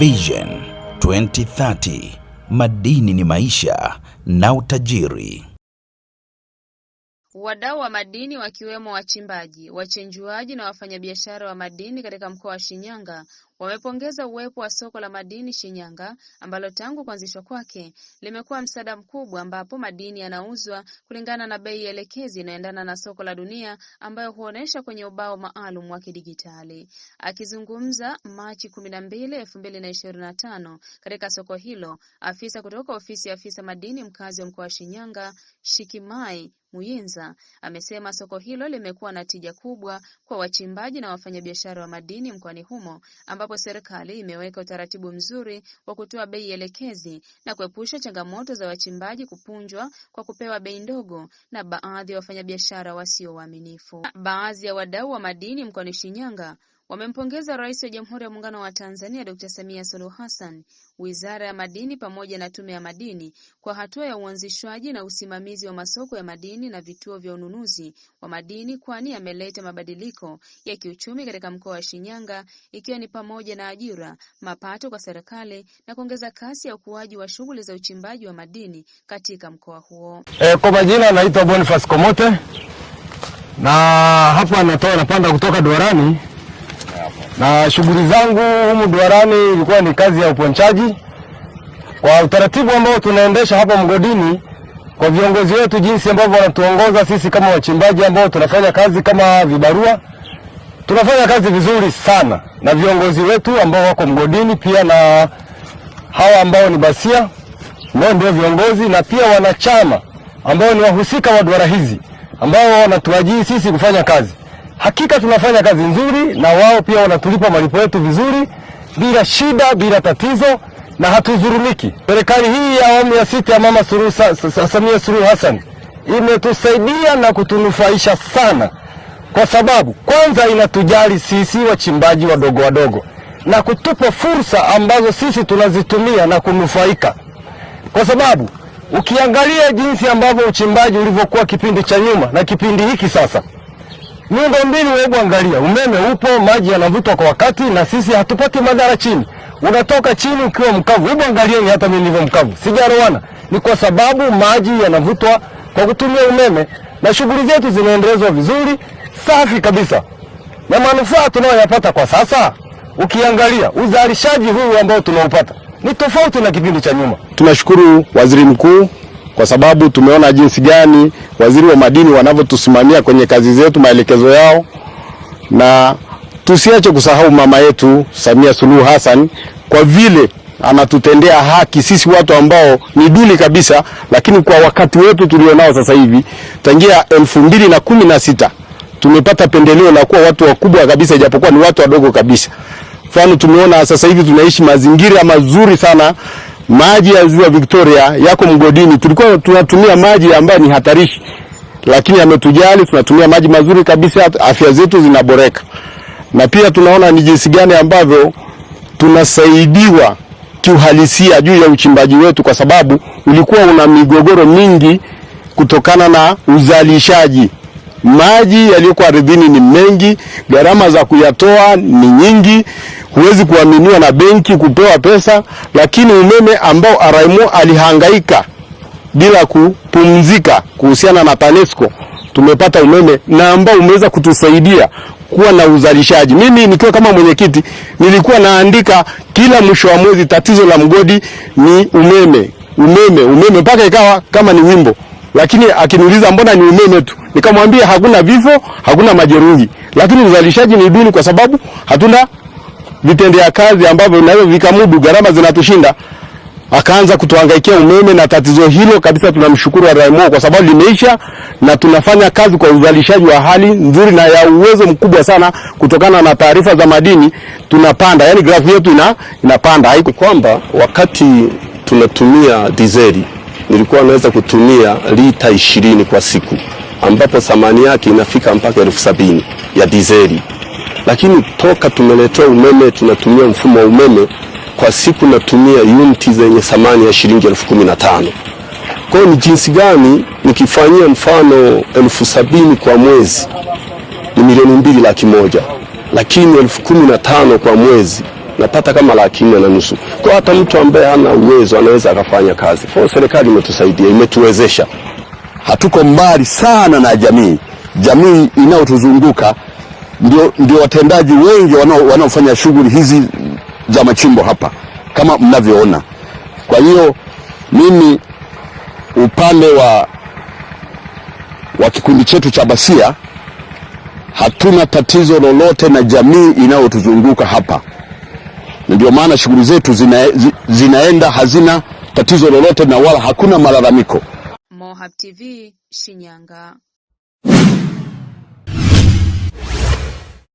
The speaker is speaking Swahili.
Vision 2030 madini ni maisha na utajiri. Wadau wa madini wakiwemo wachimbaji, wachenjuaji na wafanyabiashara wa madini katika mkoa wa Shinyanga wamepongeza uwepo wa soko la madini Shinyanga ambalo tangu kuanzishwa kwake limekuwa msaada mkubwa ambapo madini yanauzwa kulingana na bei elekezi inayoendana na soko la dunia ambayo huonesha kwenye ubao maalum wa kidigitali. Akizungumza Machi 12, 2025 katika soko hilo, afisa kutoka ofisi ya afisa madini mkazi wa mkoa wa Shinyanga Shikimai Muyinza amesema soko hilo limekuwa na tija kubwa kwa wachimbaji na wafanyabiashara wa madini mkoani humo ambapo ambapo serikali imeweka utaratibu mzuri wa kutoa bei elekezi na kuepusha changamoto za wachimbaji kupunjwa kwa kupewa bei ndogo na baadhi ya wafanyabiashara wasio waaminifu. Baadhi ya wadau wa madini mkoani Shinyanga Wamempongeza Rais wa Jamhuri ya Muungano wa Tanzania Dkt. Samia Suluhu Hassan, Wizara ya Madini pamoja na Tume ya Madini kwa hatua ya uanzishwaji na usimamizi wa masoko ya madini na vituo vya ununuzi wa madini, kwani yameleta mabadiliko ya kiuchumi katika mkoa wa Shinyanga, ikiwa ni pamoja na ajira, mapato kwa serikali na kuongeza kasi ya ukuaji wa shughuli za uchimbaji wa madini katika mkoa huo. E, kwa majina anaitwa Boniface Komote na hapa anatoa napanda kutoka Duarani na shughuli zangu humu duarani ilikuwa ni kazi ya uponchaji. Kwa utaratibu ambao tunaendesha hapa mgodini, kwa viongozi wetu jinsi ambavyo wanatuongoza sisi kama wachimbaji ambao tunafanya kazi kama vibarua, tunafanya kazi vizuri sana na viongozi wetu ambao wako mgodini pia na hawa ambao ni basia nao ndio viongozi na pia wanachama ambao ni wahusika wa duara hizi ambao wanatuajii sisi kufanya kazi. Hakika tunafanya kazi nzuri na wao pia wanatulipa malipo yetu vizuri, bila shida, bila tatizo na hatuzurumiki. Serikali hii ya awamu ya sita ya Mama Suluhu, Samia Suluhu Hassan imetusaidia na kutunufaisha sana, kwa sababu kwanza inatujali sisi wachimbaji wadogo wadogo na kutupa fursa ambazo sisi tunazitumia na kunufaika, kwa sababu ukiangalia jinsi ambavyo uchimbaji ulivyokuwa kipindi cha nyuma na kipindi hiki sasa mbinu, hebu angalia, umeme upo, maji yanavutwa kwa wakati, na sisi hatupati madhara chini. Unatoka chini ukiwa mkavu. Hebu angalia, hata mimi nilivyo mkavu, sijaroana. ni kwa sababu maji yanavutwa kwa kutumia umeme, na shughuli zetu zinaendelezwa vizuri, safi kabisa, na manufaa tunayoyapata kwa sasa, ukiangalia uzalishaji huu ambao tunaupata ni tofauti na kipindi cha nyuma. Tunashukuru Waziri Mkuu kwa sababu tumeona jinsi gani waziri wa madini wanavyotusimamia kwenye kazi zetu, maelekezo yao, na tusiache kusahau mama yetu Samia Suluhu Hassan kwa vile anatutendea haki sisi watu ambao ni duni kabisa, lakini kwa wakati wetu tulionao sasa hivi, tangia elfu mbili na kumi na sita tumepata pendeleo la kuwa watu wakubwa kabisa, ijapokuwa ni watu wadogo kabisa. Mfano, tumeona sasa hivi tunaishi mazingira mazuri sana maji ya ziwa Victoria yako mgodini. Tulikuwa tunatumia maji ambayo ni hatarishi, lakini ametujali, tunatumia maji mazuri kabisa, afya zetu zinaboreka, na pia tunaona ni jinsi gani ambavyo tunasaidiwa kiuhalisia juu ya uchimbaji wetu, kwa sababu ulikuwa una migogoro mingi kutokana na uzalishaji. Maji yaliyokuwa ardhini ni mengi, gharama za kuyatoa ni nyingi huwezi kuaminiwa na benki kupewa pesa, lakini umeme ambao Araimo alihangaika bila kupumzika kuhusiana na TANESCO tumepata umeme na ambao umeweza kutusaidia kuwa na uzalishaji. Mimi nikiwa kama mwenyekiti nilikuwa naandika kila mwisho wa mwezi, tatizo la mgodi ni umeme, umeme, umeme, mpaka ikawa kama ni wimbo. Lakini akiniuliza mbona ni umeme tu, nikamwambia hakuna vifo, hakuna majeruhi, lakini uzalishaji ni duni kwa sababu hatuna vitendea kazi ambavyo navyo vikamudu gharama zinatushinda, akaanza kutuhangaikia umeme na tatizo hilo kabisa. Tunamshukuru Raimo kwa sababu limeisha na tunafanya kazi kwa uzalishaji wa hali nzuri na ya uwezo mkubwa sana. Kutokana na taarifa za madini tunapanda, yani grafu yetu ina, inapanda. Haiko kwamba wakati tunatumia dizeli nilikuwa naweza kutumia lita ishirini kwa siku ambapo thamani yake inafika mpaka elfu sabini ya dizeli lakini toka tumeletewa umeme tunatumia mfumo wa umeme, kwa siku natumia unti zenye thamani ya shilingi elfu kumi na tano. Kwa hiyo ni jinsi gani nikifanyia mfano elfu sabini kwa mwezi ni milioni mbili laki moja, lakini elfu kumi na tano kwa mwezi napata kama laki nne na nusu. Kwa hata mtu ambaye hana uwezo anaweza akafanya kazi. Kwa serikali imetusaidia, imetuwezesha. Hatuko mbali sana na jamii, jamii inayotuzunguka ndio, ndio watendaji wengi wanaofanya shughuli hizi za machimbo hapa kama mnavyoona. Kwa hiyo mimi upande wa, wa kikundi chetu cha Basia hatuna tatizo lolote na jamii inayotuzunguka hapa, ndio maana shughuli zetu zina, zinaenda hazina tatizo lolote na wala hakuna malalamiko. Mohab TV Shinyanga.